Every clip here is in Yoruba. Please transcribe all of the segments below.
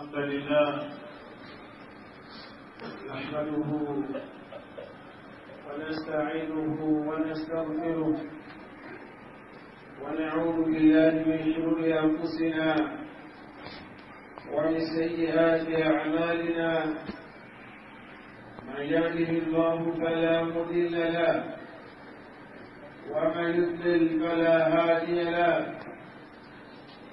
الحمد لله نحمده ونستعينه ونستغفره ونعوذ بالله من شرور انفسنا ومن سيئات اعمالنا من يهده الله فلا مضل له ومن يضلل فلا هادي له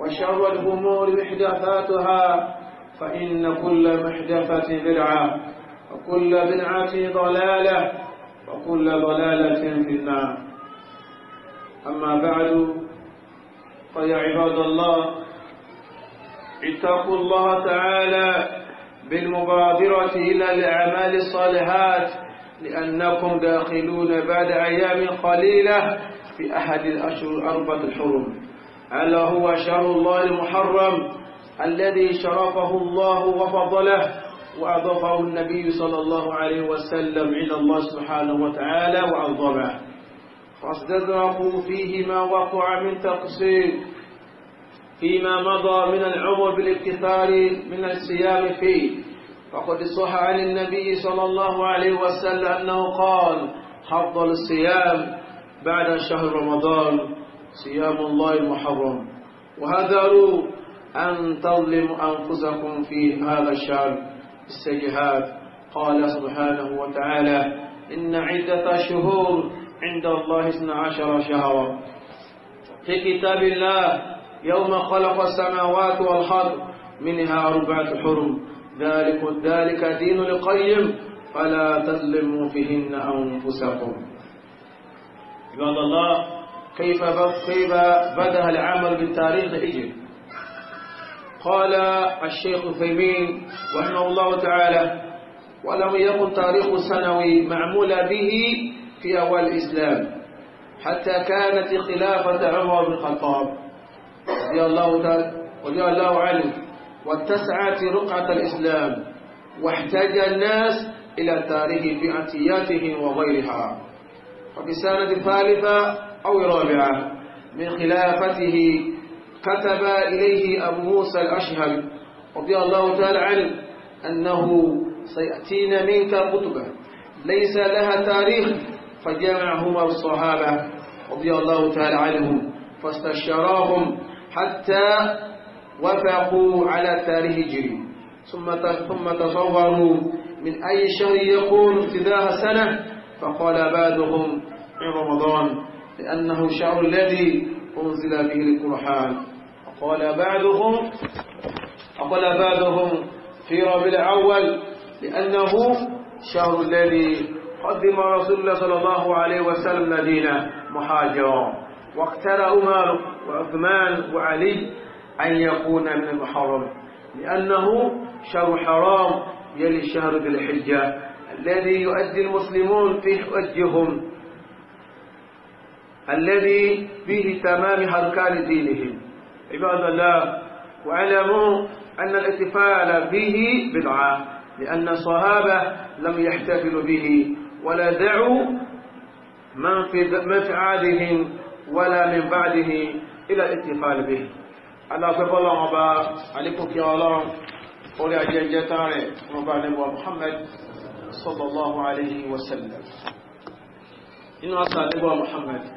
وشر الأمور محدثاتها فإن كل محدثة بدعة وكل بدعة ضلالة وكل ضلالة في النار أما بعد فيا عباد الله اتقوا الله تعالى بالمبادرة إلى الأعمال الصالحات لأنكم داخلون بعد أيام قليلة في أحد الأشهر أربعة الحرم ألا هو شهر الله المحرم الذي شرفه الله وفضله وأضافه النبي صلى الله عليه وسلم إلى الله سبحانه وتعالى وعظمه فاستدركوا فيه ما وقع من تقصير فيما مضى من العمر بالابتكار من الصيام فيه فقد صح عن النبي صلى الله عليه وسلم أنه قال حفظ الصيام بعد شهر رمضان صيام الله المحرم وهذروا أن تظلموا أنفسكم في هذا الشهر السيئات قال سبحانه وتعالى إن عدة شهور عند الله اثنا عشر شهرا في كتاب الله يوم خلق السماوات والحر منها أربعة حرم ذلك ذلك دين القيم فلا تظلموا فيهن أنفسكم عباد الله كيف كيف بدأ العمل بالتاريخ الهجري قال الشيخ فيمين رحمه الله تعالى ولم يكن تاريخ سنوي معمول به في أول الإسلام حتى كانت خلافة عمر بن الخطاب رضي الله تعالى رضي الله عنه واتسعت رقعة الإسلام واحتاج الناس إلى التاريخ في وغيرها وفي سنة ثالثة أو رابعة من خلافته كتب إليه أبو موسى الأشهب رضي الله تعالى عنه أنه سيأتينا منك كتبا ليس لها تاريخ فجمعهما الصحابة رضي الله تعالى عنهم فاستشراهم حتى وافقوا على تاريخ جري ثم ثم تصوروا من أي شهر يكون ابتداء سنة فقال بعضهم من رمضان لأنه الشهر الذي أنزل به القرآن وقال بعضهم وقال بعضهم في ربيع الأول لأنه شهر الذي قدم رسول الله صلى الله عليه وسلم مدينة محاجرا واقترى عمر وعثمان وعلي أن يكون من المحرم لأنه شهر حرام يلي شهر ذي الحجة الذي يؤدي المسلمون فيه حجهم الذي فيه تمام هركان دينهم عباد الله واعلموا أن الاحتفال به بدعة لأن الصحابة لم يحتفلوا به ولا دعوا من في عادهم ولا من بعده إلى الاحتفال به على lọ́wọ́ الله alékòkè ọlọ́run orí الله tààrẹ wọn bá محمد Muhammad الله عليه وسلم. sallam inú محمد.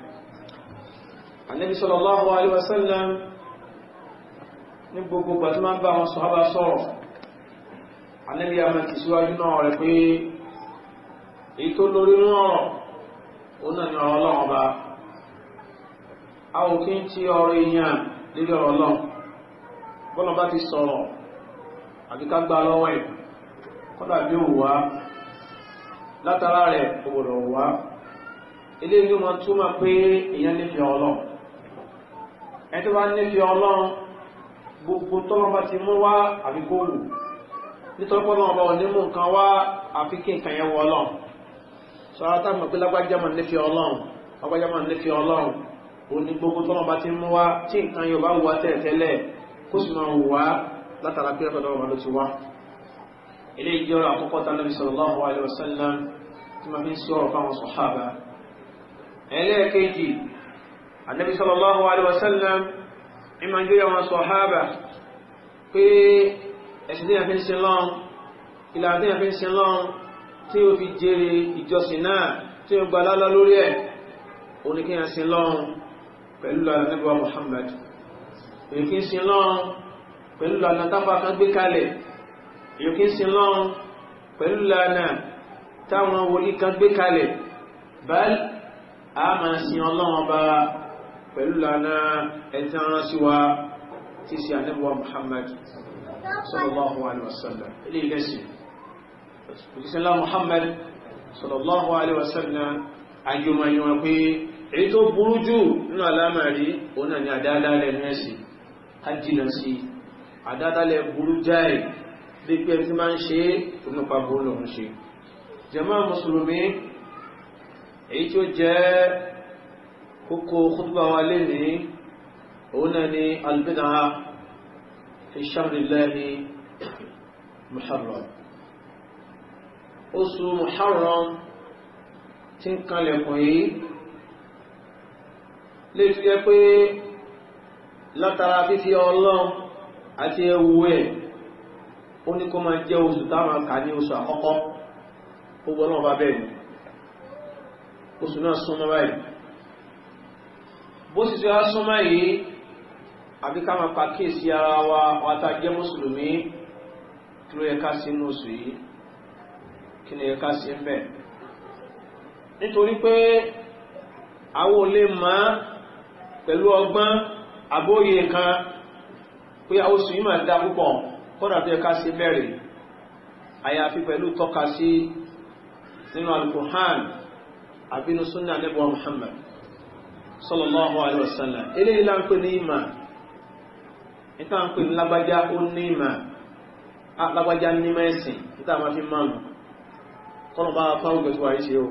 Ànábì sallallahu alaihi wasallam ní gbogbo gbàtí máa ń bá wọn sọ̀hábà sọ̀rọ̀ Ànábì àmà kì síwájú náà rẹ̀ pé èyí tó lórí náà òun náà ni ọ̀rọ̀ Ọlọ́run ọba a ò kí ń ti ọ̀rọ̀ èèyàn lórí ọ̀rọ̀ Ọlọ́run bọ́lá bá ti sọ̀rọ̀ àbí ká gbá lọ́wọ́ ẹ̀ kọ́dà bí òun wá látara rẹ̀ kò wá eléyìí ló máa túmọ̀ pé èèyàn nífẹ̀ẹ́ Ọlọ́run ẹni tó bá nífẹ̀ẹ́ ọlọ́run gbogbo tọ́lọ́run bá ti mú wá àbí kó wù nítorí pé ọlọ́run bá wọn nímú nǹkan wá àfi kí nǹkan yẹn wọ ọlọ́run sọlá tá a mọ̀ pé lágbájá máa nífẹ̀ẹ́ ọlọ́run lágbájá máa nífẹ̀ẹ́ ọlọ́run òun ni gbogbo tọ́lọ́run bá ti mú wá tí nǹkan yóò bá wù wá tẹ̀tẹ́lẹ̀ kó sì máa wù wá látara pé ọ̀dọ̀ ọ̀rọ̀ ló ti wá ilé ìjọ àkọ́kọ́ tánàbí sallallahu alaihi wasallam tí ma fi ń sọ̀rọ̀ ẹlẹ́ẹ̀kejì anabi sallallahu alayhi wa sallam ìmọ̀ ìjọ àwọn sọ̀hábà pé ẹ̀sìn tí a fi ń sin lọ́n ìlànà tí a fi ń sin lọ́n tí ó fi jèrè ìjọsìn náà tí ó gba lálá lórí ẹ̀ oníkíyàn sin lọ́n pẹ̀lú lọ́la nígbà Muhammad èyíkín sin lọ́n pẹ̀lú lọ́la tápá kan gbé kalẹ̀ èyíkín sin lọ́n pẹ̀lú lọ́la táwọn wòlíì kan gbé kalẹ̀ báyìí a máa sin ọlọ́wọ́n bá pẹ̀lú lànà ẹ̀ntì ara sí wa tí sí ànẹ́bùwa Muhammad sallallahu alaihi wasallam ilé ilẹ́sì òjísẹ́lá Muhammad sallallahu alaihi wasallam ayọmọ̀yọmọ̀ pé èyí tó burú jù nínú alámàrí òun náà ni àdádálẹ̀ nẹ́ẹ̀sì kájìnà sí àdádálẹ̀ burú jáì bí pé tí máa ń ṣe ònúpa burú lòun kókó kútùbà wa lè ní òun náà ní albid'a fi shahri llahi muharram oṣù muharram tí ń kalẹ̀kùn yìí lè fi jẹ́ pé látara fífi ọlọ́run àti ewu ẹ̀ ó ní kó máa jẹ́ oṣù táwọn kà ní oṣù àkọ́kọ́ ó wọ́n bá bẹ́ẹ̀ ni oṣù náà súnmọ́ báyìí bó sì ṣe wá súnmọ́ yìí àbí ká máa pàkíyèsí ara wa wa tá a jẹ́ mùsùlùmí kí ló yẹ ká sí inú oṣù yìí kí ló yẹ ká sí ń bẹ̀. nítorí pé àwọn olè máa pẹ̀lú ọgbọ́n àbóyè kan pé oṣù yìí máa dá púpọ̀ kódà tó yẹ ká sí bẹ̀rẹ̀ àyàfi pẹ̀lú tọ́ka sí nínú alukuhan àbínú sunna nebo Muhammad sallallahu alaihi wasallam eléyìí là ń pè ní ìmà níta ń pè ní lágbájá ó ní ìmà lágbájá ní mẹ́sìn níta máa fi máa nù kọ́nà bá fá àwùjọ tí wà yìí ṣe o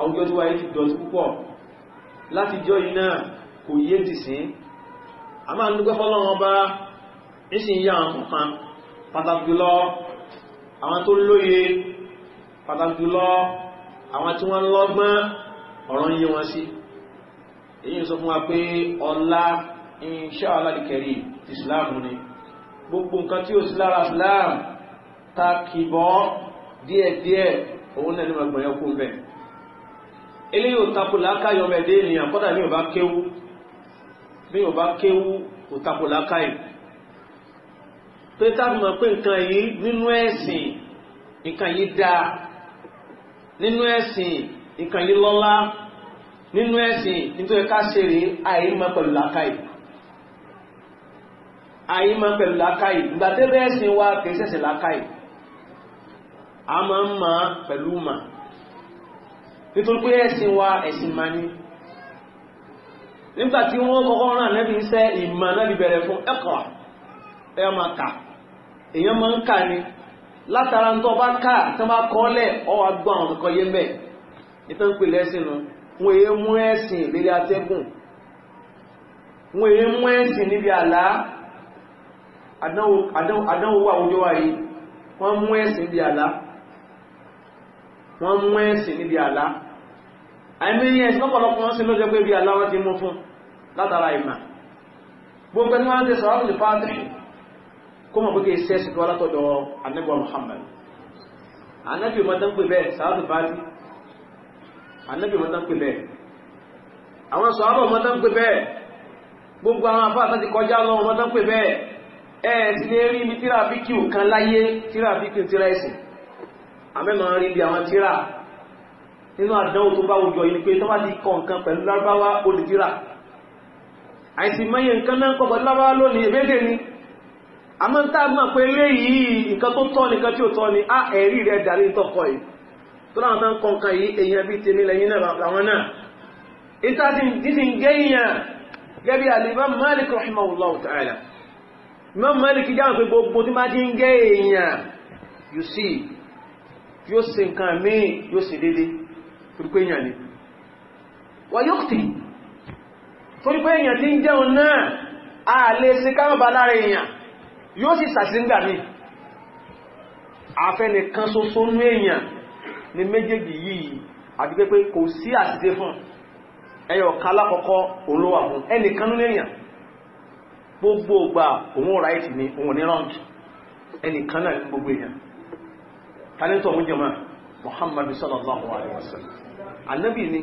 àwùjọ tí wà yìí ti dọ̀tí púpọ̀ láti jọ yìí náà kò yé ti sí a máa ń dúpẹ́ fọ́lọ́wọ́n bá ìsìn yà àwọn kan pàtàkì lọ àwọn tó lóye pàtàkì lọ àwọn tí wọ́n lọ́gbọ́n ọ̀rọ̀ yí wọn sí èyí sọ fún wa pé ọlá insha Allah al-Karim ti islam ni gbogbo nǹkan tí ó sí lára islam ta kìbọ́ díẹ̀díẹ̀ òun náà ní ma gbọ̀nyẹ́ kú bẹ̀ eléyìí ò takò lákàyọ̀ mẹ́dé ènìyàn kọ́dà ní ọba kéwú bí ọba kéwú ò takò lákàyọ̀ pé mọ̀ pé nǹkan yìí nínú ẹ̀sìn nǹkan yìí dáa nínú ẹ̀sìn nǹkan yìí lọ́lá nínú ẹ̀sìn nítorí ká ṣe rèé àìmọ̀ pẹ̀lú làákàyè àìmọ̀ pẹ̀lú làákàyè ìgbà tẹ́lẹ̀ ẹ̀sìn wa kìí ṣẹ̀ṣẹ̀ làákàyè a máa ń mọ̀ pẹ̀lú mà nítorí pé ẹ̀sìn wa ẹ̀sìn máa ní nígbà tí wọ́n kọ́kọ́ rán ànábì iṣẹ́ ìmọ̀ náà bẹ̀rẹ̀ fún ẹ̀kọ́ ẹ̀ máa kà èèyàn máa ń kà ni látara ń tọ́ bá kà tó bá kọ́ lẹ̀ ọ́ wá gbọ́ àwọn kọ̀ọ̀kan yé mẹ́ ìtàn pè lẹ́sìn náà wọ́n èé mú ẹ̀sìn lérí atẹ́gùn wọ́n èé mú ẹ̀sìn níbi àlá àdánwò àwùjọ wa yìí wọ́n mú ẹ̀sìn níbi àlá wọ́n mú ẹ̀sìn níbi àlá àìmírí ẹ̀sìn lọ́pọ̀lọpọ̀ wọ́n sí ló jẹ́ pé bí àlá wọ́n ti mú fún látara ìmà gbogbo ẹni Muhammad anẹ́gbà mọ́tán pè bẹ́ẹ̀ sọ̀rọ̀ ànábì mọ́tán pè bẹ́ẹ̀ àwọn sọ̀rọ̀ mọ́tán pè bẹ́ẹ̀ gbogbo àwọn afáàtà ti kọjá lọ mọ́tán pè bẹ́ẹ̀ ẹ̀ sì ní rí ibi tíra fíkìú kan láyé tíra fíkìú tíra ẹ̀sìn àmẹ́mọ̀ rí ibi àwọn tíra nínú àdánwò tó bá wùjọ yìí pé tó bá ti kọ nǹkan pẹ̀lú lárúbáwá olùdíra àìsí mẹ́yẹ nǹkan náà ń kọ́ lárúbáwá lónìí ìbédè ni àmọ́ ń tá a mọ̀ pé léyìí nǹkan tó tọ́ nìkan tí ò tọ́ ni á ẹ̀rí rẹ̀ dàrí tọkọ yìí tó láwọn tán kọ nǹkan yìí èèyàn bí tèmi lẹ́yìn náà làwọn náà ìtàdí dídì ń gé èèyàn gẹ́bí al-Imam Malik rahimahullah ta'ala Imam Malik jáwọn pé gbogbo tí máa ti ń gé èèyàn yóò sì yóò sì nǹkan míì yóò sì dédé ní méjèèjì yìí àti pé kò sí àṣìṣe fún ẹyọ ọ̀ka alákọ̀ọ́kọ́ òun ló wà fún ẹnìkan ló léèyàn gbogbo ògbà òun ò ráìtì ni òun ò ní rọ́ǹkì ẹnìkan náà ní gbogbo èèyàn kálẹ́tọ̀ mú jẹmọ́ Muhammadu sallallahu alaihi wasallam annabi ni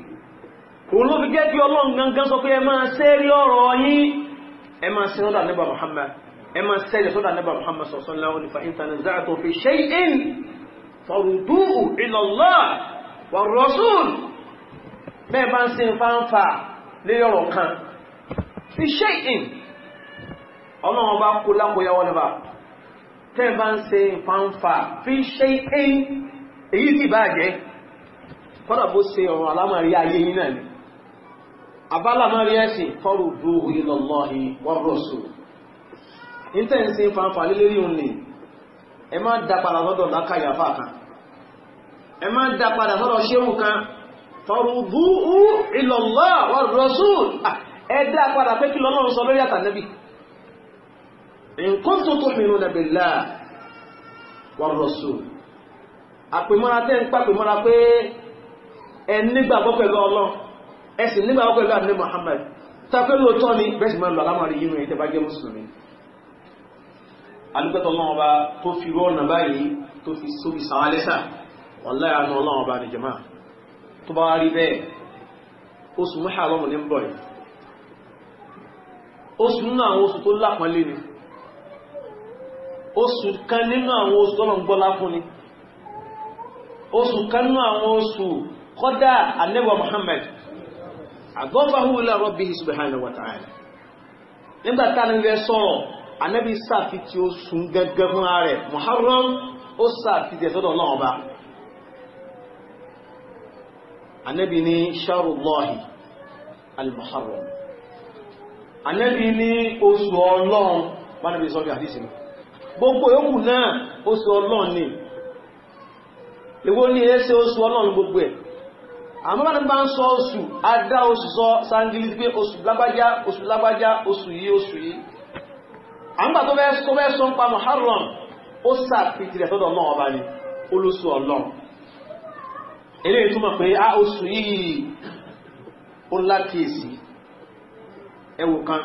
òun ló fi jẹ́ kí ọlọ́run gangan sọ pé ẹ máa sẹ́rí ọ̀rọ̀ yín ẹ máa sẹ́rí ọ̀dà nígbà Muhammad ẹ máa sẹ́rí ọ̀dà nígbà Muhammad sallallahu alaihi fọ̀rùdúù ìlọ̀lọ́ wọ̀rọ̀sùn bẹ́ẹ̀ bá ń ṣe fáńfà lérí ọ̀rọ̀ kan fi ṣe ìn ọlọ́run bá kó lápòyáwó nípa tẹ́ bá ń ṣe fáńfà fi ṣe ìn èyí tí bá jẹ́ kọ́nà bó ṣe ọ̀rọ̀ alámàrí ayé yín náà ni abálámàrí ẹ̀sìn fọ̀rùdúù ìlọ̀lọ́ wọ̀rọ̀sùn ní tẹ́ ń ṣe fáńfà lérí òun nìyí ẹ má dá padà sọ́dọ̀ lákàyà fà kan ẹ má dá padà sọ́dọ̀ ṣéwù kan tọrùbúú ilallah wa rasul ẹ dá padà pé kí lọ́lọ́run sọ lórí àtànẹ́bì in kuntum tu'minuna billahi wa rasul àpèmọ́ra tẹ́ ń pàpèmọ́ra pé ẹ nígbàgbọ́ pẹ̀lú ọlọ́run ẹ sì nígbàgbọ́ pẹ̀lú àdínlẹ́ Muhammad tàbí lóòótọ́ ni bẹ́ẹ̀ sì máa lọ alámọ̀rí yìí rìn ìtẹ́bàjẹ́ mùsùlùmí alúgbẹ́tọ̀ ọlọ́run ọba tó fi rọ́ọ̀nà báyìí tó fi sàn án lẹ́sà wọ́n láyà ní ọlọ́run ọba ní jàmáà tó bá rí bẹ́ẹ̀ oṣù mẹ́hà lọ́mù ní ń bọ̀ yìí oṣù nínú àwọn oṣù tó lápọ́nlé ni oṣù kan nínú àwọn oṣù tọ́lọ̀ ń gbọ́lá fún ni oṣù kan nínú àwọn oṣù kọ́dá anẹ́wà Muhammad àgọ́fà hùwìlà rọ́bì subhanahu wa anábì sáàfi tí ó sun gẹ́gẹ́ fún ààrẹ muharram ó sáàfi tí ẹ̀sọ́dọ̀ ọlọ́run ọba anábì ní sharullahi al-muharram anábì ní oṣù ọlọ́run bá nábì sọ́bí àdísì gbogbo yòókù náà oṣù ọlọ́run ni èwo ní ẹsẹ oṣù ọlọ́run gbogbo ẹ̀ àmọ́ láti bá ń sọ oṣù adá oṣù sọ sangili pé oṣù lágbájá oṣù lágbájá oṣù yìí oṣù yìí àǹgbà tó fẹ́ sọ ń pa Muharram ó sàpìtìlẹ̀ sọ́dọ̀ náà ọba ni olóṣù ọlọ́run eléyìí túmọ̀ pé a oṣù yìí ó lákèésí ẹwù kan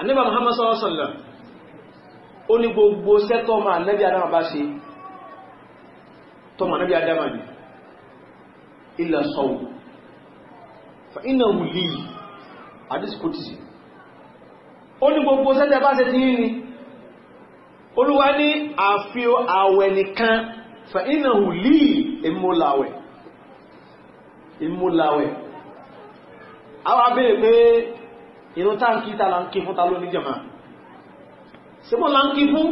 àníbà Muhammad sallallahu alaihi wasallam ó ní gbogbo sẹ́tọ̀ ọmọ ànábì adama bá ṣe tọmọ ànábì adama ni illa sawm fa innahu li hadith qudsi ó ní gbogbo sẹ́tẹ̀ bá ṣe ti yí ni olúwa ní àfi àwẹ̀ nìkan fa iná hù lí ìmúláwẹ̀ ìmúláwẹ̀ àwọn abẹ́rẹ̀ pé inú táǹkì ta láǹkì fún ta ló ní jẹ̀mà símọ́ láǹkì fún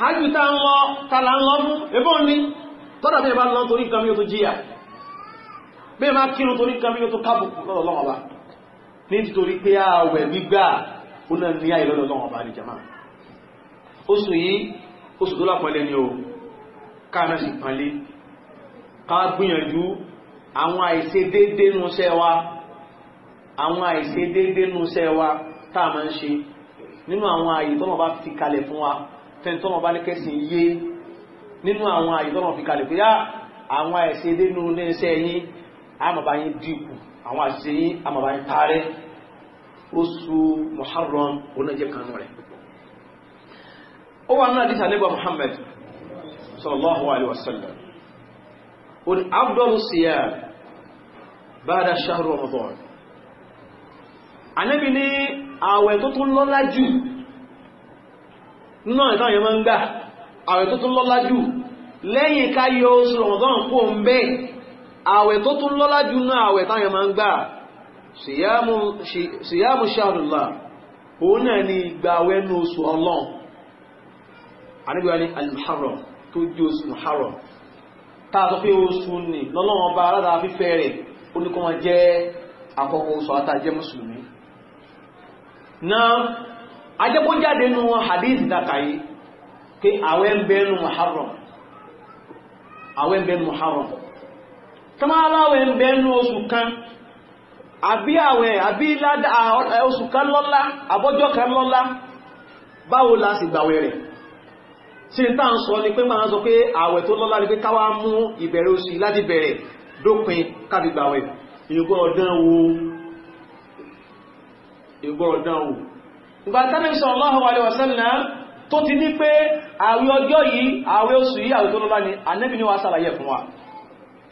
hajjú ta ń lọ ta là ń lọ fún ẹbọ́n ní tọ́dà bí ẹbá lọ torí nǹkan mi ó tó jíyà bí má kírun torí nǹkan mi ó tó kábùkù lọ́dọ̀ bá nítorí pé ààwẹ̀ gbígbà ó náà ní àyè lọ́dọ̀ ọlọ́run ọba ní jama oṣù yìí oṣù tó lápọ̀lẹ́ ni o káàmẹ́ sì pọ̀lẹ́ ká gbìyànjú àwọn àìṣedédé nu iṣẹ́ wa àwọn àìṣedédé nu iṣẹ́ wa tá a máa ń ṣe nínú àwọn àyè tọ́nà bá fi kalẹ̀ fún wa fẹ́ni tọ́nà bá ní kẹ́sìn yé nínú àwọn àyè tọ́nà fi kalẹ̀ pé yá àwọn àìṣedédé nu iṣẹ́ yín àmàbáyín dínkù àwọn àṣìṣe yín àmàbáyín tààrẹ́ oṣù muharram onájẹ́ kanú rẹ̀ ó wà náà díta lẹ́gbà muhammad sallallahu alaihi wasallam o ni abdul siyam bada shahru ramadan anabi ni àwẹ̀ tó tún lọ́lá jù náà ìtàn yẹn ń gbà àwẹ̀ tó tún lọ́lá jù lẹ́yìn ká yọ oṣù ramadan kó ń bẹ́ àwẹ̀ tó tún lọ́lá jù náà àwẹ̀ táyẹ̀ máa ń gbà ṣìyàmù ṣàrùlá òun náà ni gbààwẹ̀ ní oṣù ọlọ́n àníbíwá ní al-muharram tó jí oṣù muharram táà tó pé oṣù ní lọ́lọ́wọ́n bá aládàá fífẹ́ rẹ̀ ó ní kó máa jẹ́ àkọ́kọ́ oṣù àtàjẹ́ mùsùlùmí náà ajẹ́kójáde nù hadith dàkàyé pé àwẹ̀ ń bẹ́ẹ̀ nù àbí àwẹ̀ àbí oṣù kan lọ́lá àbọ́jọ́ kan lọ́lá báwo la sì gbàwẹ̀ rẹ̀ sí ní táà ń sọ ni pé máa sọ pé àwẹ̀ tó lọ́lá ni pé káwá mú ìbẹ̀rẹ̀ oṣù láti bẹ̀rẹ̀ dópin kábi gbàwẹ̀ ìgbọ́ ọ̀dán wo ìgbọ́ ọ̀dán wo ìgbà tánàbí sallallahu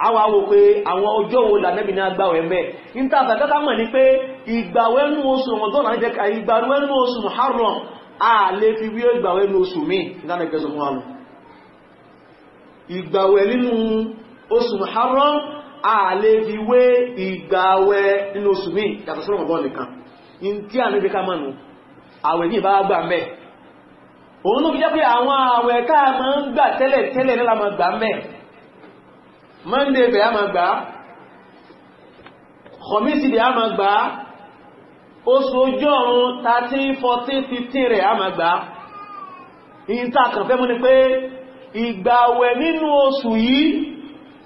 àwọn awò pé àwọn ọjọ́ wo lànẹ́bì ní agbáwẹ̀ mẹ́ ní tàbí àgbàkà mọ̀ ní pé ìgbàwẹ́nú oṣù ọ̀dọ́nà jẹ́ ká ìgbàwẹ́nú oṣù Muharram a lè fi wí ìgbàwẹ́nú oṣù mi ìdánilẹ́kẹsọ fún wa lọ a lè fi wé ìgbàwẹ̀ nínú oṣù mi yàtọ̀ sọ́rọ̀ ọ̀dọ́ nìkan ní tí a ní bí ká mọ̀nù àwẹ̀ ní ìbá gbà mẹ́ òun ló monday bẹ̀ a máa gbà á kọ̀mísì bẹ̀ a máa gbà á oṣù ojú ọ̀run 13 14 15 rẹ̀ a máa gbà á ìyíta kàn fẹ́ mú ni pé ìgbàwẹ̀ nínú oṣù yìí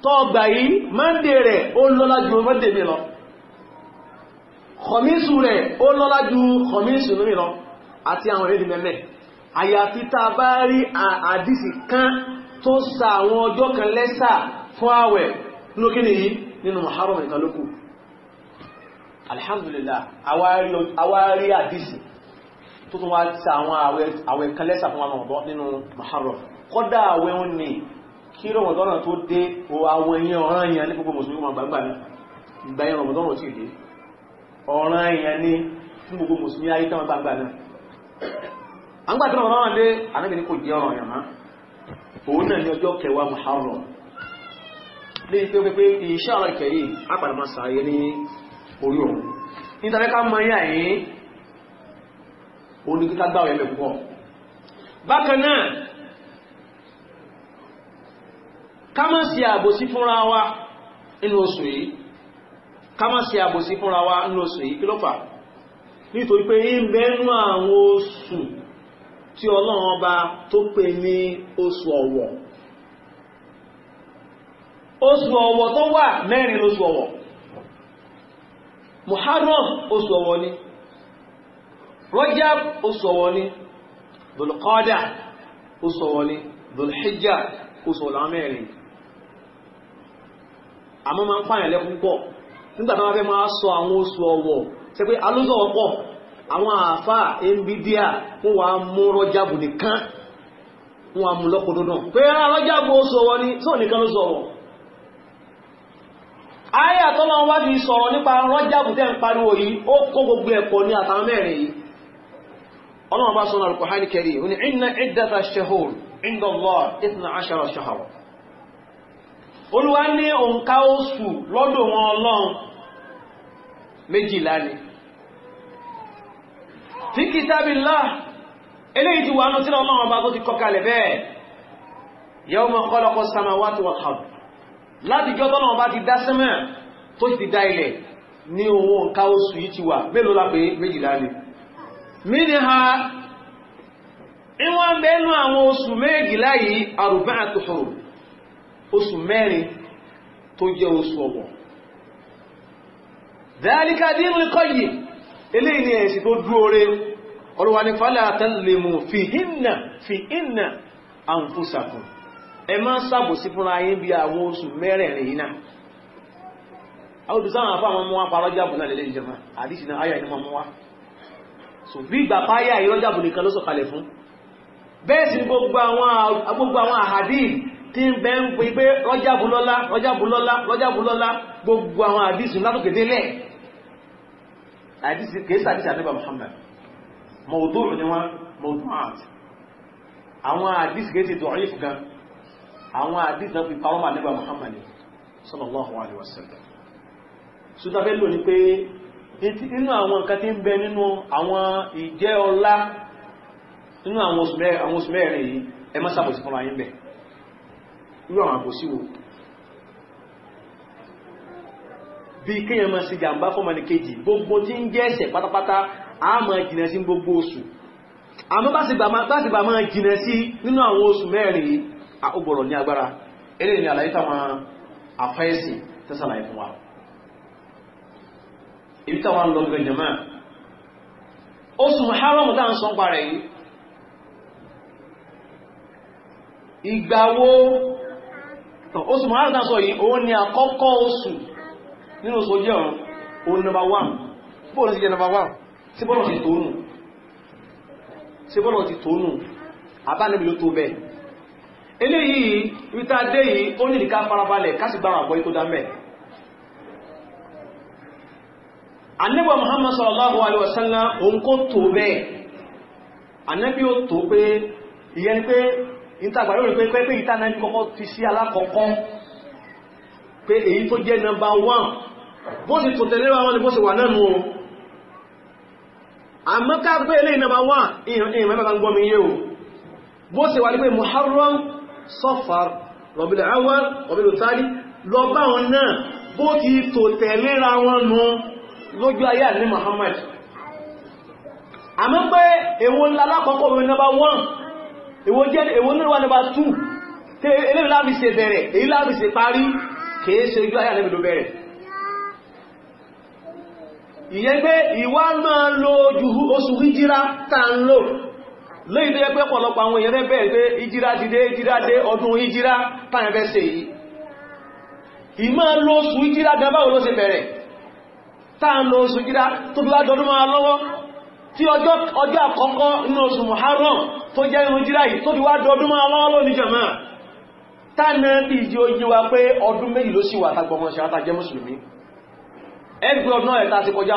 tọ́gbà yìí monday rẹ̀ ó lọ́lá ju monday mi lọ kọ̀mísù rẹ̀ ó lọ́lá ju kọ̀mísù mi lọ àti àwọn èdè mẹ́lẹ̀ àyàfi tá a bá rí àdìsí kan tó sa àwọn ọjọ́ kan lẹ́sà fún àwẹ̀ lókè nìyí nínú Muharram nìkan ló kù alhamdulillah àwárí àdìsí tó tún wá ti àwọn àwẹ̀ kan lẹ́sà fún àwọn ọ̀bọ̀ nínú Muharram kọ́dá àwẹ̀ ń ní kí rọmọdọ́nà tó dé àwọn èèyàn ọ̀ràn èèyàn ní gbogbo mùsùlùmí léyìí pé pé insha Allah karim àpàdé máa sàáyé ní orí òun nítorí ká mọ yá yìí oníkíkà gbà ọ̀yẹ́ púpọ̀ bákan náà ká má sí àbòsí fúnra wa nínú oṣù yìí ká má sí àbòsí fúnra wa nínú oṣù yìí kí ló fà nítorí pé ń bẹ́nu àwọn oṣù tí ọlọ́run ọba tó pè ní oṣù ọ̀wọ̀ oṣù ọwọ tó wà mẹ́rin lóṣù muharram oṣù ọwọ, ni rajab oṣù ọwọ ni dulqada oṣù ọ̀wọ̀ ni dulhijja oṣù ọ̀là mẹ́rin àmọ́ máa ń fàyàn lẹ́kún pọ̀ nígbà máa sọ àwọn oṣù ọwọ ṣe pé àwọn mú nìkan ayé àtọ́lọ́wọ́ wá fi sọ̀rọ̀ nípa rọ́jàbù tẹ́ ń pariwo yìí ó kó gbogbo ẹ̀kọ́ ní àtàwọn mẹ́rin yìí ọlọ́run bá sọ́nà ni inda Allah ithna ashara olúwa ní òǹkà oṣù lọ́dọ̀ wọn ọlọ́run méjìlá ni fi kitabillah eléyìí ti wà nù tí ọlọ́run ọba tó ti látijọ́ tọ́nà ọba ti dá sẹ́mẹ̀ tó ti dá ilẹ̀ ní owó nǹka oṣù yìí ti wà mélòó lápé méjìlá ni mini ha ìwọ̀n bẹ́ẹ̀nú àwọn oṣù méjìlá yìí àrùbá àtòfòrò oṣù mẹ́rin tó jẹ́ oṣù ọ̀wọ̀ ẹ máa ṣàbòsí fúnra yín bí àwọn oṣù mẹ́rẹ̀ẹ̀rin yìí náà àwọn olùsáwọn afọ àwọn ọmọ wa parọ́ jáàbù náà lélẹ́yìn jẹma àdìsí náà ayà ìdánmọ́ wa so bí ìgbà páyà ìrọ́jàbù nìkan ló sọ̀kalẹ̀ fún bẹ́ẹ̀ sì gbogbo àwọn àhàdì tí ń bẹ́ ń pè pé rọ́jàbù lọ́lá rọ́jàbù lọ́lá rọ́jàbù lọ́lá gbogbo àwọn àdìsí látòkè délẹ̀ àdìsí kèésì àdìsí àdìbà Muhammad mọ̀ọ́dún ni wọ́n mọ̀ọ́dún àti àwọn àdìsí kèésì dọ̀ọ́yìn fún gan àwọn àdìsí náà fi pa ọmọ àníbà Muhammad sallallahu alaihi wasallam sùtàfẹ́ lò ní pé nínú àwọn nǹkan tí ń bẹ nínú àwọn ìjẹ́ ọlá nínú àwọn oṣù mẹ́rin yìí ẹ má sàbòsí fún ayé bẹ̀ irú àwọn àbòsí wo bí kíyàn máa ṣe jàǹbá fọ́mọ̀lì kejì gbogbo tí ń jẹ́ ẹ̀ṣẹ̀ pátápátá a máa jìnà sí gbogbo oṣù àmọ́ bá sì bá máa jìnà sí nínú àwọn oṣù mẹ́rin yìí ó gbọ́dọ̀ ní agbára eré ni àlàyé táwọn àfẹ́ẹ̀sì tẹ́sàlàyé fún wa ibi táwọn lọ gẹ̀ẹ́ jẹ̀mọ́ oṣù haram tá ń sọ́n parẹ̀ yìí ìgbàwó oṣù haram tá ń sọ yìí òun ni àkọ́kọ́ oṣù nínú oṣù jẹ́ ọ̀run number one bóòlù sí jẹ́ one sí bọ́ọ̀lù ti tónù sí bọ́ọ̀lù ti tónù ló tó bẹ́ẹ̀ eléyìí ibi tá a dé yìí ó ní ìdíká farabalẹ̀ ká sì gbára àpọ̀ tó dá mẹ́ anẹ́bọ̀ Muhammad sallallahu alaihi wasallam òun kó tó bẹ́ẹ̀ anẹ́bí ó tó pé ìyẹn pé ìtàgbà lórí pé pé ìtànà kọ́kọ́ fi sí alákọ̀ọ́kọ́ pé èyí tó jẹ́ nọmba 1 bó sì tó tẹ̀lé wọn ni bó sì wà náà nù àmọ́ ká pé eléyìí nọmba 1 èèyàn mẹ́bàá gbọ́mi yé o bó sì wà ní pé Muharram sọ́fàr rọ̀bìlẹ̀ awal rọ̀bìlẹ̀ tàbí lọ́gbà wọn náà bó ti tò tẹ̀léra wọn nù lójú ayé àní Muhammad àmọ́ pé èwo ńlá lápapọ̀ wọn nọba 1 èwo jẹ́ èwo nílùú nọba 2 tí eléyìí láàbì ṣe bẹ̀rẹ̀ èyí láàbì ṣe parí kìí ṣe ojú ayé àní ló bẹ̀rẹ̀ ìyẹn pé ìwá máa lo oṣù hijira tá ń lò lẹ́yìn tó yẹ pé pọ̀lọpọ̀ àwọn èèyàn bẹ́ẹ̀ pé ìjírá ti dé ìjírá dé ọdún ìjírá táyẹ̀ fẹ́ ṣe yìí ìmọ̀ lọ oṣù ìjírá gan báwo ló ṣe bẹ̀rẹ̀ táà ń lọ oṣù ìjírá tó fi ládọdún máa lọ́wọ́ tí ọjọ́ àkọ́kọ́ inú oṣù Muharram tó jẹ́ inú ìjírá yìí tó fi wá dọdún máa lọ́wọ́ lónìí jàmá táàna bí ìjí oyin wa pé ọdún méjì ló sì wà tagbọmọṣẹ́ àtàjẹ́ mùsùlùmí ẹgbẹ́ ọdún ẹ̀ta ti kọjá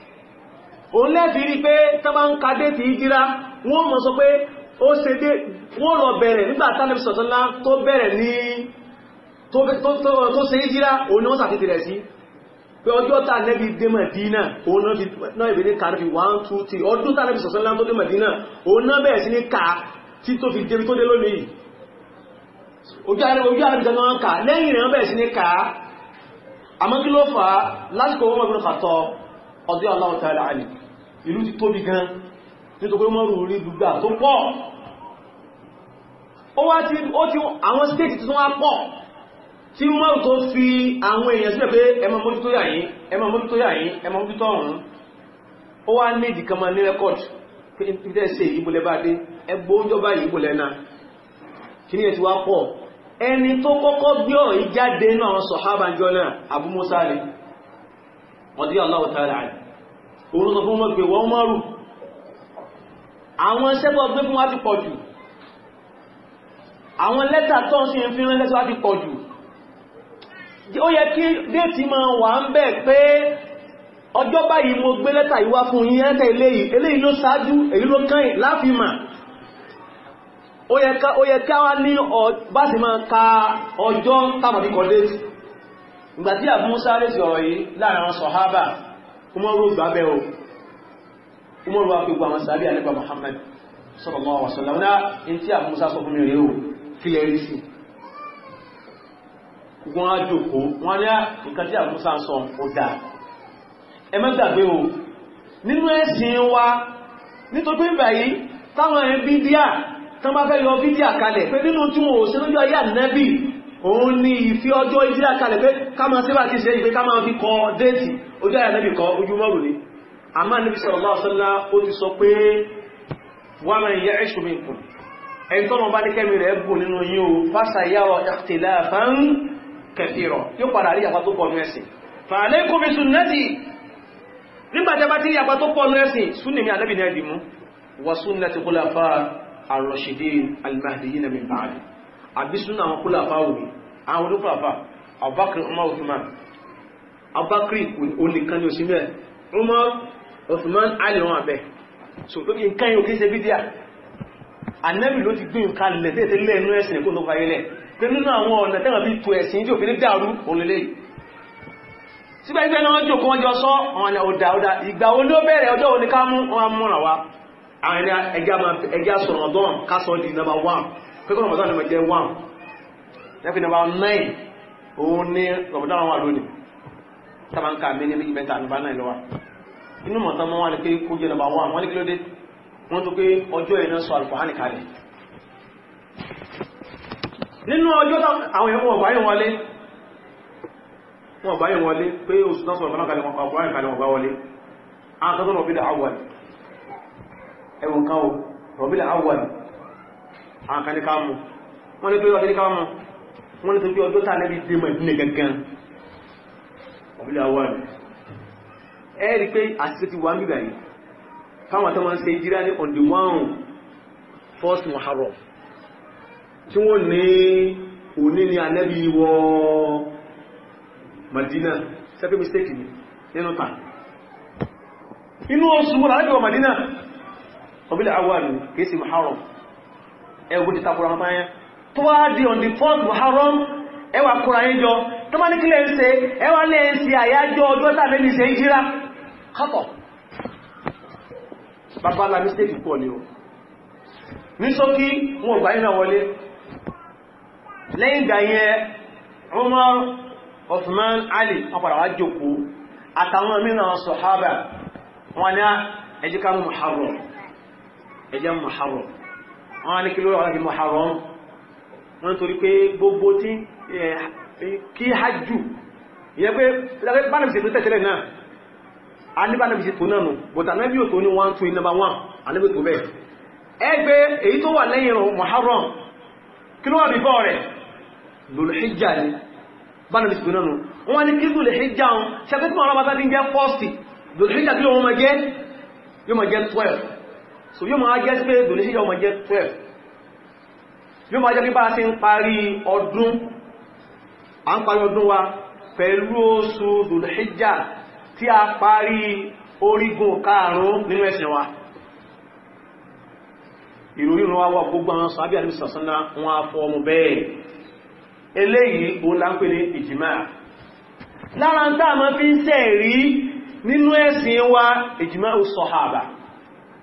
òun lẹ́fì rí pé tánbá ń kadé ti ìjírá wọ́n mọ̀ sọ pé ó ṣe dé wọ́n lọ bẹ̀rẹ̀ nígbà tánàbí sọ̀tọ́lá tó bẹ̀rẹ̀ ní tó ṣe ìjírá òun ni wọ́n sàfihàn rẹ̀ sí pé ọjọ́ tánàbí dé Mẹ̀dínà òun náà ìbí ní kàrífì 1 2 3 ọdún tánàbí sọ̀tọ́lá tó dé Mẹ̀dínà òun náà bẹ̀rẹ̀ sí ní ká tí tó fi débi tó dé lónìí ojú àrẹ́bí jẹ́ náà ká lẹ́yìn rẹ̀ bẹ̀rẹ̀ sí ní ká àmọ́ kí ló fà á lásìkò wọ́n mọ̀ ọdí Allahu ta'ala alayhi ìlú ti tóbi gan nítorí mọ́rù orí gbogbo tó pọ̀ ó wá tí ó tí àwọn stéètì tí wọ́n pọ̀ tí mọ́rù tó fi àwọn èèyàn sílẹ̀ pé ẹmọ mójútó yà yín ẹmọ mójútó yà yín ẹmọ mójútó ọ̀hún ó wá ní ìdí kan máa ní rẹ́kọ̀dì pé ìpínlẹ̀ ṣe ìbòlẹ̀ bá dé ẹgbó ń jọba ìbòlẹ̀ náà kí ni ẹ̀ ti wá pọ̀ ẹni tó kọ́kọ́ gbé ọ̀rọ̀ ìjáde náà sọ̀hábàjọ́ náà Abu Musa ni Allah ta'ala àìyí òun sọ fún mọ́ pé wọ́n mọ́rù àwọn ṣẹ́bọ̀ gbé fún wa ti pọ̀ jù àwọn lẹ́tà tó ń sí fi rán lẹ́tà ti pọ̀ jù ó yẹ kí déètì máa wà ń bẹ̀ pé ọjọ́ báyìí mo gbé lẹ́tà yìí wá fún yín lẹ́tà eléyìí eléyìí ló ṣáájú èyí ló kàn láfimà ó yẹ ká wá ní bá sì máa ka ọjọ́ tàbí kọ déètì ìgbà tí àbúmúsáré sí ọ̀rọ̀ yìí láàrin àwọn sọ̀hábà ụmụ gbábẹ́ o umaru wa fi gbà wọn sàbí àníbà Muhammad sallallahu alaihi wasallam náà a ah, musa sọ fún mi rẹ̀ o kílẹ̀ rí nwanne ah, tí a musa sọ ó dá ẹ má gbàgbé o nínú ẹ̀sìn wa nítorí pé báyìí táwọn fẹ́ yọ bídíà kalẹ̀ pé nínú tí òun ní ìfí ọjọ́ ìdí àkàlẹ̀ pé ká máa sí bá ti ṣe ìpé ká máa fi kọ déètì ojú àyà nẹ́bì kọ ojú mọ́rù ní àmá níbi sọ̀rọ̀ láọ̀sọ́lá ó ti sọ pé wà máa yẹ ẹ̀ṣù mi kù ẹni tọ́nà bá ní kẹ́mi rẹ̀ gùn nínú yíò fásà yàwọ̀ ikhtilafan kathira yóò padà rí yàpá tó pọ̀ nú sunnati nígbà tẹ́ bá ti rí yàpá tó pọ̀ min ba'di àbí na àwọn kúlà fáwò ni àwọn olókùn àfà abakiri umar usman abakiri onìkan ni òsì umar usman ali wọn abẹ so tó bí nǹkan yóò kí ṣe bídíà anẹ́bì ló ti gbìn kalẹ̀ tẹ́tẹ́ lẹ́nu ẹ̀sìn kó tó fayé lẹ̀ pé nínú àwọn ọ̀nà tẹ́wọ̀n bí tu ẹ̀sìn tí òfin ní dàrú òlélẹ́yìí síbẹ̀ ìgbẹ́ náà jò kún ọjọ́ sọ ọ̀nà ọ̀dà ọ̀dà ìgbà wo ló bẹ̀rẹ̀ ọjọ́ òní ká mú wọn múra wa àwọn ẹja sọ̀rọ̀ dán kásọ̀ di number one pẹ́kọ́ ramadan ni ma jẹ́ 1 lẹ́fì nàbà 9 òun ní ramadan wà lónìí sábà ń ka mí ní méjì mẹ́ta nípa náà lọ́wọ́ inú mọ̀tán mọ́ wọn ni pé kó jẹ́ nàbà 1 wọ́n ní kílódé wọ́n tó pé ọjọ́ ìná sọ alùpàánì kalẹ̀ nínú ọjọ́ àwọn èèyàn ọgbà yìí wọlé wọn ọgbà yìí wọlé pé oṣù tán sọ ọ̀gbà kalẹ̀ ọgbà yìí kalẹ̀ ọgbà wọlé àwọn kan tó rọ̀bílẹ̀ àwọn ẹ̀wọ̀n kan àwọn kan ní ká mú wọ́n ni pé ọdún ní ká mú wọ́n ní tó pé ọdún tà níbi first Muharram tí wọ́n ní òní ni Madina sẹ́fẹ́ mistake ni nínú ta inú oṣù wọ́n ànábì wọ Madina ọ̀bílẹ̀ àwọn kìí sí Muharram ẹgbẹ́ ti takura wọn yẹn tó wá di on the fourth Muharram ẹwà kóra yẹn jọ tó bá ní kílẹ̀ ń ṣe ẹwà lẹ́ ń ṣe àyájọ́ ọjọ́ tàbí ní ṣe ń jíra kápọ̀ bàbá la mistake pọ̀ ni o ní sókí wọn gbà yín náà wọlé lẹ́yìn ìgbà Umar Osman Ali wọn padà wá jókòó àtàwọn mìíràn sọ̀hábà wọn ní ah, ẹjíká Muharram ẹjẹ́ Muharram àwọn anìkí lórí ọ̀rọ̀ Muharram wọ́n torí pé gbogbo tí kí hajjú ìyẹn pé lẹ́gbẹ́ bánàbìsì tó tẹ̀tẹ̀lẹ̀ náà a ní bánàbìsì tó náà nù but anábì ò tó ní one two number one anábì tó bẹ́ẹ̀ ẹgbẹ́ èyí tó wà lẹ́yìn rùn Muharram kí ló wà bí bọ́ rẹ̀ lòlùhíjà ni bánàbìsì tó náà nù wọ́n ní kí lòlùhíjà ń ṣe pé tí wọ́n rọ́ bá tá so yóò máa jẹ́ pé dòlè ṣíjọ́ ọmọ jẹ́ 12 yóò máa jẹ́ pé bá ṣe ń parí ọdún a ń parí ọdún wa pẹ̀lú oṣù dòlè tí a parí orígun karùn-ún nínú ẹ̀sìn wa ìròyìn wa wà gbogbo àwọn sàábí àdìsànsánná wọn afọ ọmọ bẹ́ẹ̀ eléyìí o láńpẹ́ ní ìjìmá lára ń tàà mọ́ fi ń sẹ́ẹ̀rí nínú ẹ̀sìn wa ìjìmá ò sọ̀hábà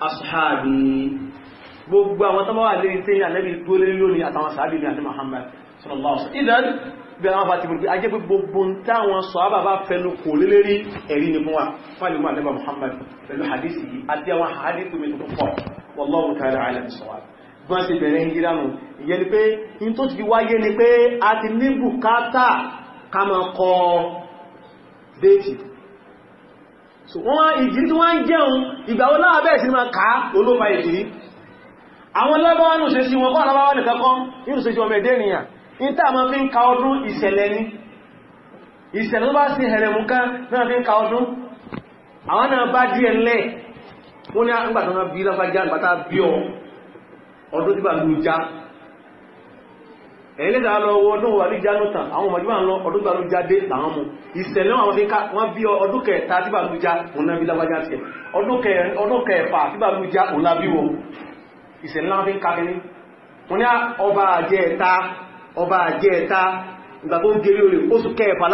ashabi gbogbo àwọn tó bá wà lórí tí ànábì dúró lórí lónìí àtàwọn sàábì ní àti Muhammad sallallahu alaihi wasallam idan bí àwọn fàtí gbogbo ajẹ́ pé gbogbo ń táwọn sàábà bá fẹnu kò lélérí ẹ̀rí ni fún wa fàlì mú ànábà Muhammad alam sawab gbọ́n ti bẹ̀rẹ̀ ìjíránù ìyẹn ni pé in tó ti wáyé ni pé a ti ní wọ́n iji tí wọ́n ń jẹun ìgbàwó láàbẹ̀ sí ma kàá olóba ìjìrí àwọn lábáwánù ṣe sí wọn kọ́ n'use si yíò ṣe jọ mẹ́dẹ́nìyàn ní tàà ma fi ń ka ọdún ìṣẹ̀lẹ̀ ní ìṣẹ̀lẹ̀ tó bá sí ah, ọ ẹ̀yìn lẹ́ta lọ wọ náà wà ní jánútà àwọn ọmọdé wà lọ ọdún gbàlú jáde làwọn mú ìṣẹ̀lẹ̀ àwọn fi ká wọ́n bí ọdún kẹta tí bàlú já òun náà bí lágbájá tiẹ̀ ọdún kẹfà tí já òun àwọn wọ́n ní ọba àjẹ́ ẹ̀ta ọba àjẹ́ ẹ̀ta ìgbà tó ń gerí oṣù kẹfà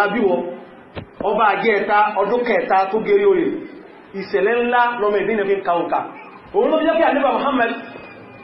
ọba àjẹ́ ẹ̀ta ọdún kẹta tó gerí ńlá lọ́mọ ìdí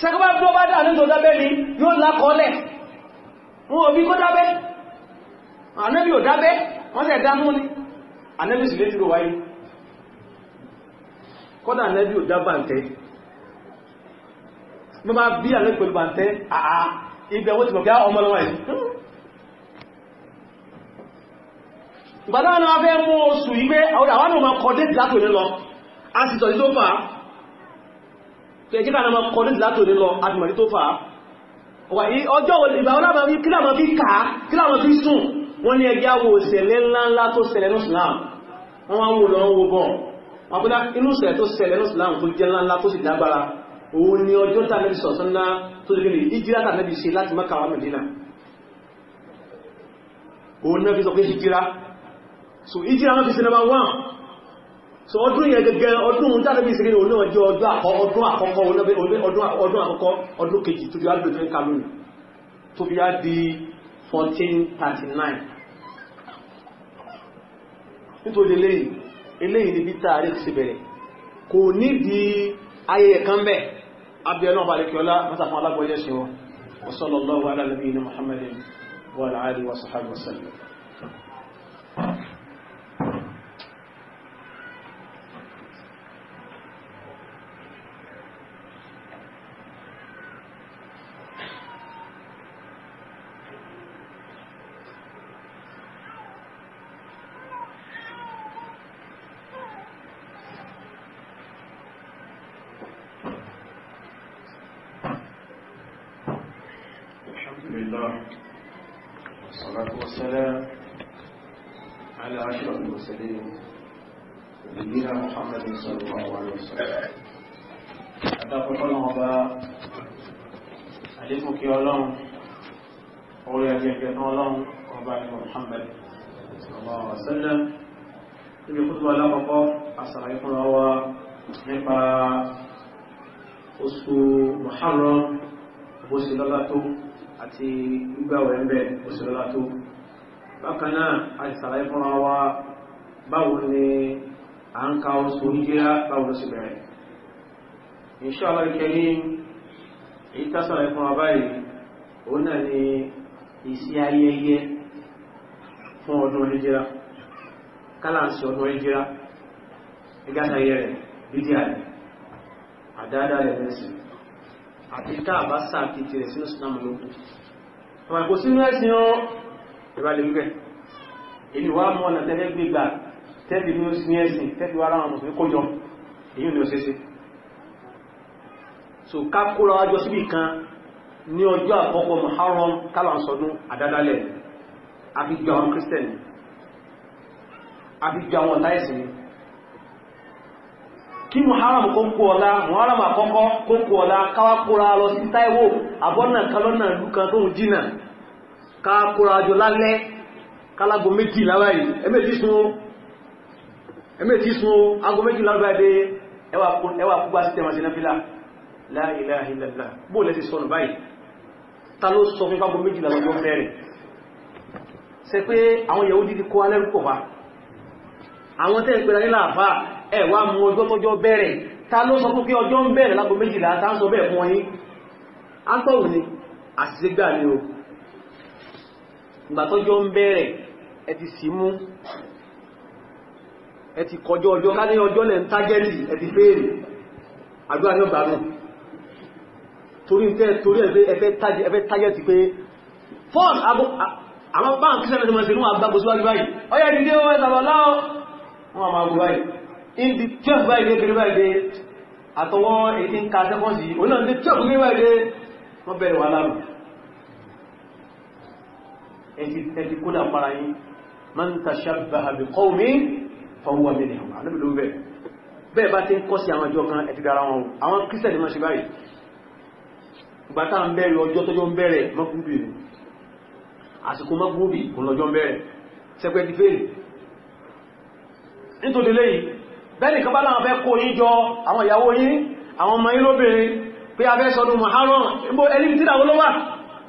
ṣẹ́gbọ́n bá gbọ́ bá dà nínú dábẹ́ ni yóò lákọọ́lẹ̀ wọn òbí kó dábẹ́ ànábì ò dábẹ́ wọ́n tẹ̀ dámú ni ànábì sì létí ló wáyé kọ́dà ànábì ò dábà ń tẹ́ mo máa bí ànábì pẹ̀lú bà ń tẹ́ àà ibẹ̀ wọ́n ti mọ̀ kí á ah, ọmọ lọ́wọ́ ẹ̀ gbàdáwọn náà fẹ́ mú oṣù yí pé àwọn àwọn ọmọ kọ́ dé lápò ní lọ a sì sọ tó ẹjẹ́ ká náà kọ́ nílùú látò nílọ àtìmọ̀lé tó fà á ọjọ́ ìgbà ọlọ́mọ fi kílà mọ́ fi kà á kílà mọ́ fi sùn wọ́n ní ẹjẹ́ wo ìṣẹ̀lẹ̀ ńláńlá tó ṣẹlẹ̀ ní Islam wọ́n wá wò lọ́wọ́ wo gan wọn pẹ́lá inú ìṣẹ̀lẹ̀ tó ṣẹlẹ̀ ní Islam tó jẹ́ ńláńlá tó sì lágbára òun ni ọjọ́ so ìjírá number one so ọdún yẹn gẹ́gẹ́ ọdún tàbí ìsìnkú òní ọjọ́ ọdún àkọ́kọ́ ọdún àkọ́kọ́ ọdún kejì tó bí wá lójú ẹ̀ka lónìí tó bí wá di 1439 nítorí eléyìí eléyìí ni bíta rẹ̀ ti bẹ̀rẹ̀ kò ní di ayẹyẹ kan bẹ́ abẹ́ọ̀nà balẹ̀kíọ́lá mọ́sàfún alágbọ́yẹ́ ṣe wọn wasallallahu ala nabiyina muhammadin wa ala alihi wa sahbihi wa sallam Muhammad sallallahu alaihi wasallam níbi kútùbà lápapọ̀ àṣàlàyé fún wa nípa oṣù Muharram bó ṣe lọ́lá tó àti gbígbàwẹ̀ ń bẹ̀ bó ṣe lọ́lá tó bákan náà àti ṣàlàyé fún wa ni à ka oṣù oníjírá báwo ló sì inshallah karim èyí tásàlàyé fún wa báyìí ni ìsí ayẹyẹ fún ọdún oníjẹ́ra kálàǹsì ọdún oníjẹ́ra ẹgbẹ́sàyẹ rẹ̀ bídíà rẹ̀ àdáadá rẹ̀ mẹ́sìn àti káàbá sáàkìtì rẹ̀ sínú sinamu lókù ọmọ ìkó sínú ẹ̀sìn ọ́ ìbálẹ̀ wíwẹ̀ èyí wá mọ́ ọ̀nà tẹ́lẹ̀ gbígbà tẹ́lẹ̀ ní sí ẹ̀sìn tẹ́lẹ̀ wá láwọn mùsùlùmí kó jọ èyí ni ó ṣeéṣe so ká kóra wájọ síbì kan ní ọjọ́ àkọ́kọ́ àfi ju àwọn kírísítẹ̀nì àfi ju àwọn ọ̀tá ẹ̀sìn ni kí muharam kó kú ọ̀la muharam àkọ́kọ́ kó kú ọ̀la káwá kóra lọ sí táíwò àbọ́nà kálọ́nà ìlú kan tó ń jìnà ká kóra jọ lálẹ́ kálágo méjì lábáyìí ẹ̀mẹ́jì sun ó ẹ̀mẹ́jì sun ó ago méjì lábáyìí ẹwà kúgbà sí tẹ̀mà sí náfílà la ilaha illallah bóòlẹ́sì sọnù báyìí ta ló sọ fún ago méjì lábáyìí ṣe pé àwọn Yahudi ti kó alẹ́rú pọ̀ wá àwọn tẹ́ ìpẹ́ra nílà àfà ẹ̀ wá mú ọjọ́ tọ́jọ́ bẹ̀rẹ̀ ta ló sọ fún kí ọjọ́ ń bẹ̀rẹ̀ lágbo méjìlá ta ń sọ bẹ́ẹ̀ fún ọyín á ń tọ̀wù ni àṣìṣe gbà ni o ìgbà tọ́jọ́ ń bẹ̀rẹ̀ ẹ ti sì mú ẹ ti kọjọ́ ọjọ́ ká ní ọjọ́ lẹ́ ń tágẹ́tì ẹ ti fèèrè àdúrà ní ọgbà náà torí ẹ fẹ́ tágẹ́tì pé fọ́ọ̀n àwọn bá ń kí sẹ́nà sẹ́mọ̀ sínú àgbàgbò síwájú báyìí ọyá ìdílé ọwọ́ ẹ̀sàbọ̀ láọ́ wọn àmà àgbò báyìí in di 12 báyìí dé kiri báyìí dé àtọwọ́ 18 ka sẹ́kọ́nsì oní ọdún 12 kiri báyìí dé wọ́n bẹ̀rẹ̀ wà lárù ẹ̀sì kódà para yìí man tashabbaha bi qawmin fahuwa minhum bẹ́ẹ̀ bá ti ń kọ́ sí àwọn ọjọ́ kan ẹ̀tì dára wọn àwọn kírísẹ̀ ni wọ́n ṣe báyìí ìgbà táà ń àsìkò mọ́gbóbi kò lọ́jọ́ bẹ̀rẹ̀ sẹ́pẹ́ ti fèrè nítorí lẹ́yìn bẹ́ẹ̀ni kan bá láwọn fẹ́ kó yín jọ àwọn ìyàwó yín àwọn ọmọ yín lóbìnrin pé a fẹ́ sọdún Muharram ibo ẹlíbi tí ìdàwó ló wà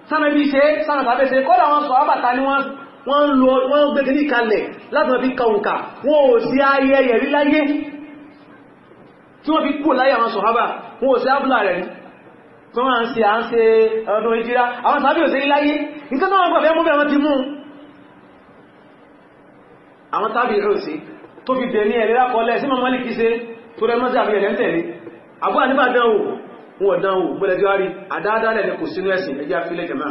sánàbí ṣe sánàtàbí ṣe kọ́dà wọn sọ àbàtà ni wọ́n gbẹ̀gẹ̀ ní kalẹ̀ láti fi kàùnkà wọn ò sí ayẹyẹ rí láyé tí wọ́n fi kú láyé àwọn sọ̀hábà wọn ò sí tó máa ń ṣe à ń ṣe ọdún ìjírá àwọn sàábí òṣèré láyé nǹkan tó wọ́n gbàfẹ́ mú bẹ́ẹ̀ wọ́n ti mú àwọn sàábí òṣèré tó fi dẹ̀ ní ẹ̀rẹ́ lákọọlẹ̀ sí mọ́mọ́lì kìí ṣe tó rẹ mọ́sí àbí ẹ̀rẹ́ ń tẹ̀lé àbúrà nípa dánwò wọn dánwò gbọ́lẹ̀dí wárí àdáadáalẹ̀ ni kò sínú ẹ̀sìn ẹjẹ́ afílẹ̀ jẹ̀má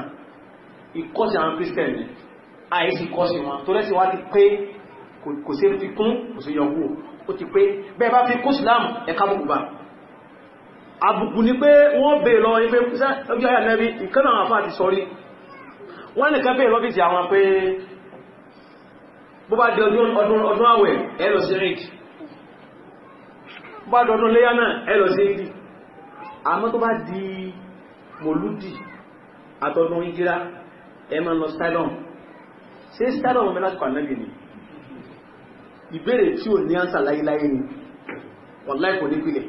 ìkọ́sí àwọn Christian ni àìsí kọ́sí wọn tó rẹ́sì wá ti pé kò sí fi kún kò sí yọkú ó ti pé bẹ́ẹ̀ bá fi kún Islam ẹ̀ka bùkù bá àbùkù ni pé wọ́n bèèrè lọ ipé ọjọ́ ayà nẹ́bí ìkánà àwọn àfáà ti sọrí wọ́n nìkan bèèrè lọ́fíìsì àwọn pé bó bá di ọdún àwẹ̀ ẹlọ sí ríkì bó bá di ọdún léyà náà ẹlọ sí ríkì àmọ́ tó bá di mòlúdì àtọdún ìjírá ẹmọ lọ stylum ṣe stylum ọmọ lásìkò ànẹ́bì ni ìbéèrè tí ò ní ánsà láyéláyé ni wọ́n láìpò nípìnlẹ̀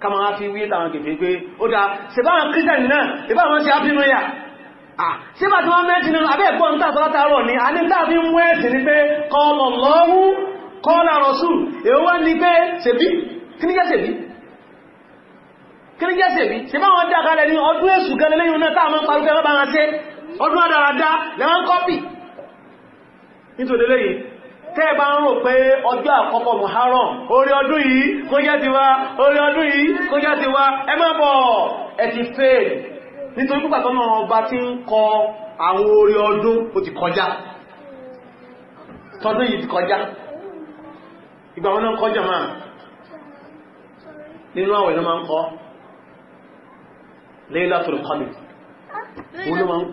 kama wá fi wí láwọn kèfèé pé ó dá ṣebáwọn kírísẹ̀n náà ìbáwọn sí happy new year ṣébà tí wọ́n mẹ́tí nínú abẹ́ ẹ̀kọ́ ń tàbátàrọ̀ ní a ní tàbí mú ẹ̀sìn ní pé kọlọ̀ lọ́wú kọlọ̀ rọ̀sù èwo wá ní pé ṣèbí kíníjẹ́sẹ̀bí kíníjẹ́sẹ̀bí ṣebáwọn dákalẹ̀ ní ọdún èṣù gẹ́lẹ́ lẹ́yìn náà táàmọ́ parúkẹ́ lọ́bàá ṣe ọdún adáradá lẹ́wọ́n kọ́pì nítorí lẹ́yìn tẹ́ bá ń rò pé ọjọ́ àkọ́kọ́ Muharram orí ọdún yìí kó jẹ́ ti wá orí ọdún yìí kó jẹ́ ti wá ẹ bọ̀ ti nítorí púpà tọ́nà ọba ń kọ àwọn orí ọdún ó ti kọjá tọdún yìí ti kọjá ìgbà wọn kọjá máa nínú àwẹ̀ ló máa ń kọ́ Laylatul Qadr ló máa ń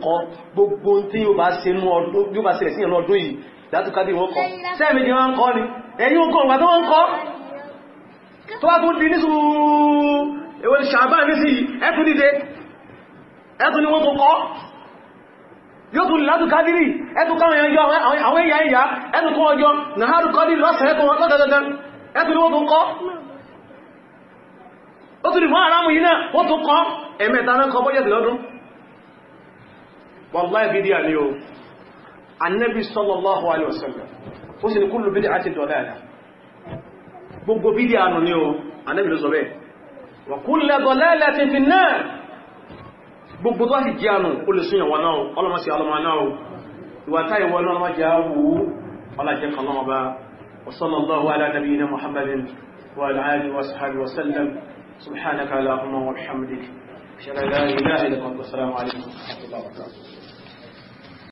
gbogbo tí yóò bá látùkádì wọ́n kọ́ sẹ́ẹ̀mẹ́jì wọ́n kọ́ ni ẹ̀yìn okó ọgbà tó wọ́n kọ́ tó wá tún di ní sùúrù ewé ṣàbá ní sí ẹkùn dìde ẹkùn ni wọ́n tó kọ́ yóò tún látùkádì rí ẹkùn káwọn ẹyọ àwọn ẹ̀yà ẹ̀yà ẹkùn kọ́ ọjọ́ nàárù kọ́dì lọ́sàn-án ẹkùn annabi sallallahu alaihi wasallam ó sì ní kullu bid'ati dalalah gbogbo bídí àánú ní o annabi ló sọ bẹ́ẹ̀ wa kullu dalalatin fin nar gbogbo tó sì jẹ́ àánú ó lè súnyàn wọn náà ọlọ́mọ sí ọlọ́mọ náà ìwà táyì wọn náà